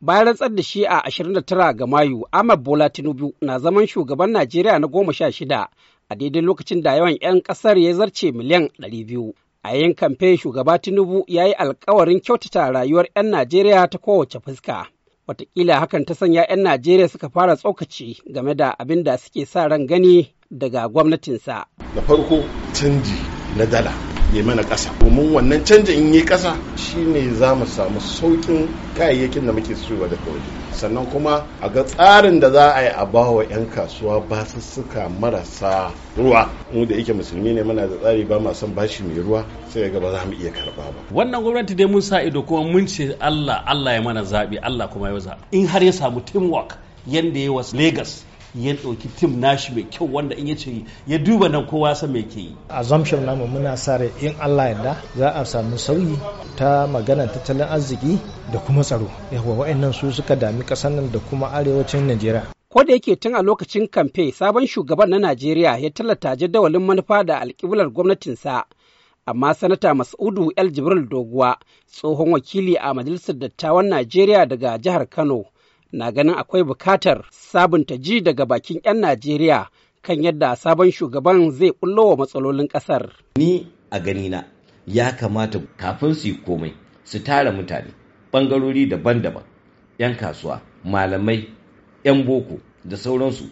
bayan rantsar da shi a 29 ga mayu ahmad bola tinubu na zaman shugaban najeriya na goma sha shida a daidai lokacin da yawan 'yan ƙasar ya zarce miliyan 200 a yayin kamfe shugaba tinubu ya yi alkawarin kyautata rayuwar 'yan najeriya ta kowace fuska watakila hakan ta sanya 'yan najeriya suka fara tsokaci game da abin da suke sa ran gani daga gwamnatinsa da farko canji na dala ya mana ƙasa domin wannan canjin in yi ƙasa ne za mu samu sauƙin kayayyakin da muke suwa da waje sannan kuma a ga tsarin da za a yi a ba wa 'yan kasuwa ba su basussuka marasa ruwa mu da yake musulmi ne muna da tsari ba ma son bashi mai ruwa sai ga ba za mu iya karba ba wannan gwamnati dai mun sa ido kuma mun ce Allah Allah ya mana zabi Allah kuma ya zabi in har ya samu teamwork yanda ya wasu Lagos ya ɗauki tim nashi mai kyau wanda in ya ce ya duba nan kowa sa me ke yi assumption namu muna sa rai in Allah yadda za a samu sauyi ta magana tattalin arziki da kuma tsaro yawa wa'annan su suka dami ƙasar nan da kuma arewacin Najeriya ko da yake tun a lokacin kamfe sabon shugaban na Najeriya ya tallata jadawalin manufa da alƙiblar gwamnatinsa amma sanata Mas'udu El Jibril Doguwa tsohon wakili a majalisar dattawan Najeriya daga jihar Kano na ganin akwai bukatar sabunta ji daga bakin 'yan Najeriya kan yadda sabon shugaban zai wa matsalolin ƙasar. Ni a ganina ya kamata kafin su yi komai su tara mutane ɓangarori daban-daban 'yan kasuwa malamai 'yan boko da sauransu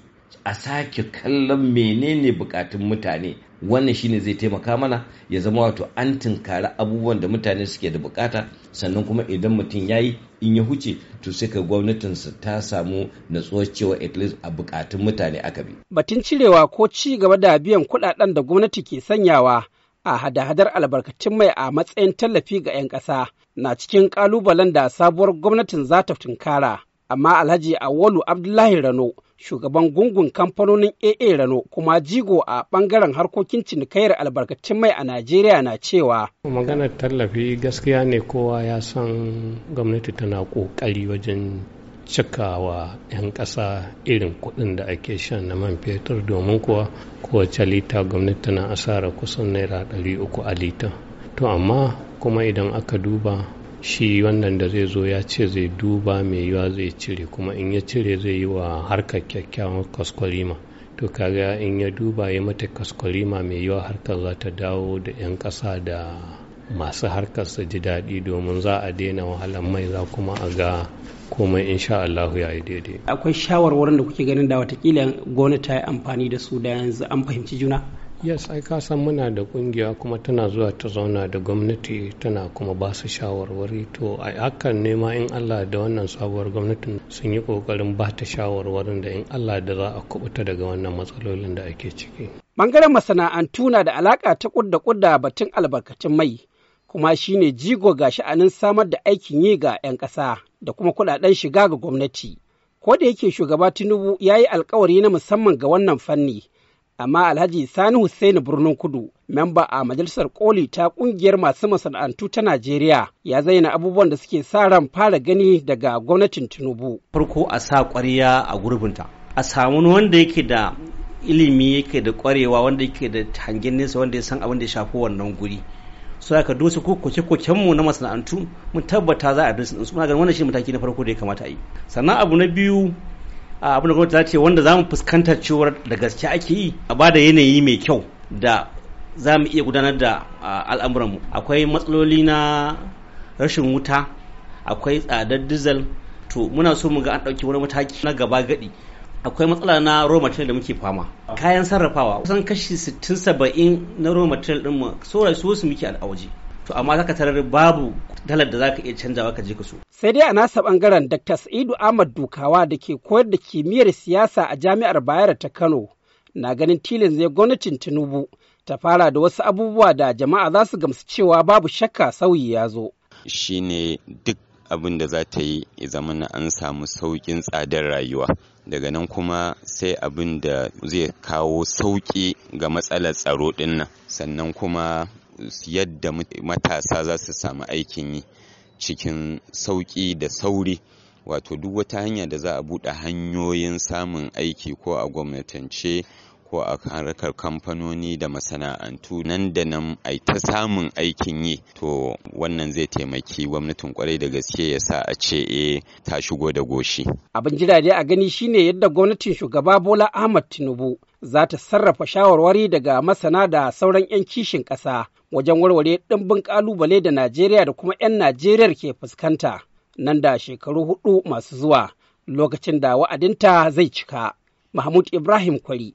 a sake kallon menene bukatun mutane wannan shine zai taimaka mana ya zama wato an tunkari abubuwan da mutane suke da bukata sannan kuma idan mutum ya yi in ya huce to sai ka gwamnatinsa ta samu natsuwar cewa at least a bukatun mutane aka bi. Batun cirewa ko ci gaba da biyan kuɗaɗen da gwamnati ke sanyawa a hada-hadar albarkatun mai a matsayin tallafi ga 'yan ƙasa na cikin ƙalubalen da sabuwar gwamnatin za ta tunkara. Amma Alhaji Awolu Abdullahi Rano shugaban gungun kamfanonin AA Rano kuma jigo a bangaren harkokin cinikayyar albarkacin mai a Najeriya na cewa. Maganar tallafi gaskiya ne kowa ya san gwamnati tana ƙoƙari wajen cikawa 'yan ƙasa irin kuɗin da ake shan na man fetur domin kuwa kowace lita gwamnati tana asara kusan naira 300 a lita. To amma kuma idan aka duba shi wannan da zai zo ya ce zai duba mai yiwa zai cire kuma in ya cire zai yi wa harkar kyakkyawan kaskarima to kaga in ya duba ya mata kwaskwarima mai yiwa harkar za ta dawo da 'yan kasa da masu harkar su ji daɗi domin za a daina wahalar mai za kuma a ga komai insha Allah ya yi daidai akwai shawarwarin da kuke ganin da watakila gwamnati ta yi amfani da su da yanzu an fahimci juna yes ai ka san muna da kungiya kuma tana zuwa ta zauna da gwamnati tana kuma ba su shawarwari to a hakan nema ma in allah da wannan sabuwar gwamnatin sun yi kokarin ba ta shawarwarin da in allah da za a kubuta daga wannan matsalolin da ake ciki bangaren masana'antu na da alaka ta kudda kudda batun albarkatun mai kuma shine jigo ga sha'anin samar da aikin yi ga 'yan kasa da kuma kudaden shiga ga gwamnati ko da yake shugaba tinubu ya yi alkawari na musamman ga wannan fanni amma alhaji sani hussaini birnin kudu memba a majalisar koli ta kungiyar masu masana'antu ta najeriya ya zayyana abubuwan da suke sa ran fara gani daga gwamnatin tinubu farko a sa kwariya a gurbinta a samu wanda yake da ilimi yake da ƙwarewa wanda yake da hangen nesa wanda ya san abin da ya shafi wannan guri su aka dosa ko koke koken mu na masana'antu mun tabbata za a dosa su muna ganin wannan shi mataki na farko da ya kamata a yi sannan abu na biyu abin da gwamnati ta ce wanda za mu fuskanta cewar da gaske ake yi a ba da yanayi mai kyau da za mu iya gudanar da al'amuranmu akwai matsaloli na rashin wuta akwai tsadar dizal to muna so mu ga an ɗauki wani mataki na gaba gadi akwai matsala na raw material da muke fama kayan sarrafawa kusan kashi 60-70 na raw material ɗinmu saura su muke a waje to amma zaka tarar babu dalar da zaka iya canjawa ka je ka so sai dai a nasa bangaren Dr. Sa'idu Ahmad Dukawa da ke koyar da kimiyyar siyasa a Jami'ar Bayero ta Kano na ganin tilin zai gwamnatin Tinubu ta fara da wasu abubuwa da jama'a za su gamsu cewa babu shakka sauyi ya zo shine duk abin da za ta yi ya na an samu saukin tsadar rayuwa daga nan kuma sai abin da zai kawo sauƙi ga matsalar tsaro dinnan sannan kuma yadda matasa za su samu aikin yi cikin sauƙi da sauri wato duk wata hanya da za a buɗe hanyoyin samun aiki ko a gwamnatance ko a harkar kamfanoni da masana'antu nan da nan a ta samun aikin yi to wannan zai taimaki gwamnatin kwarai da gaske ya sa a ce e ta shigo da goshi. Abin jira dai a gani shine yadda gwamnatin shugaba Bola Ahmad Tinubu za ta sarrafa shawarwari daga masana da sauran 'yan kishin ƙasa wajen warware ɗimbin ƙalubale da Najeriya da kuma 'yan Najeriyar ke fuskanta nan da shekaru hudu masu zuwa lokacin da wa'adinta zai cika. Mahmud Ibrahim Kwari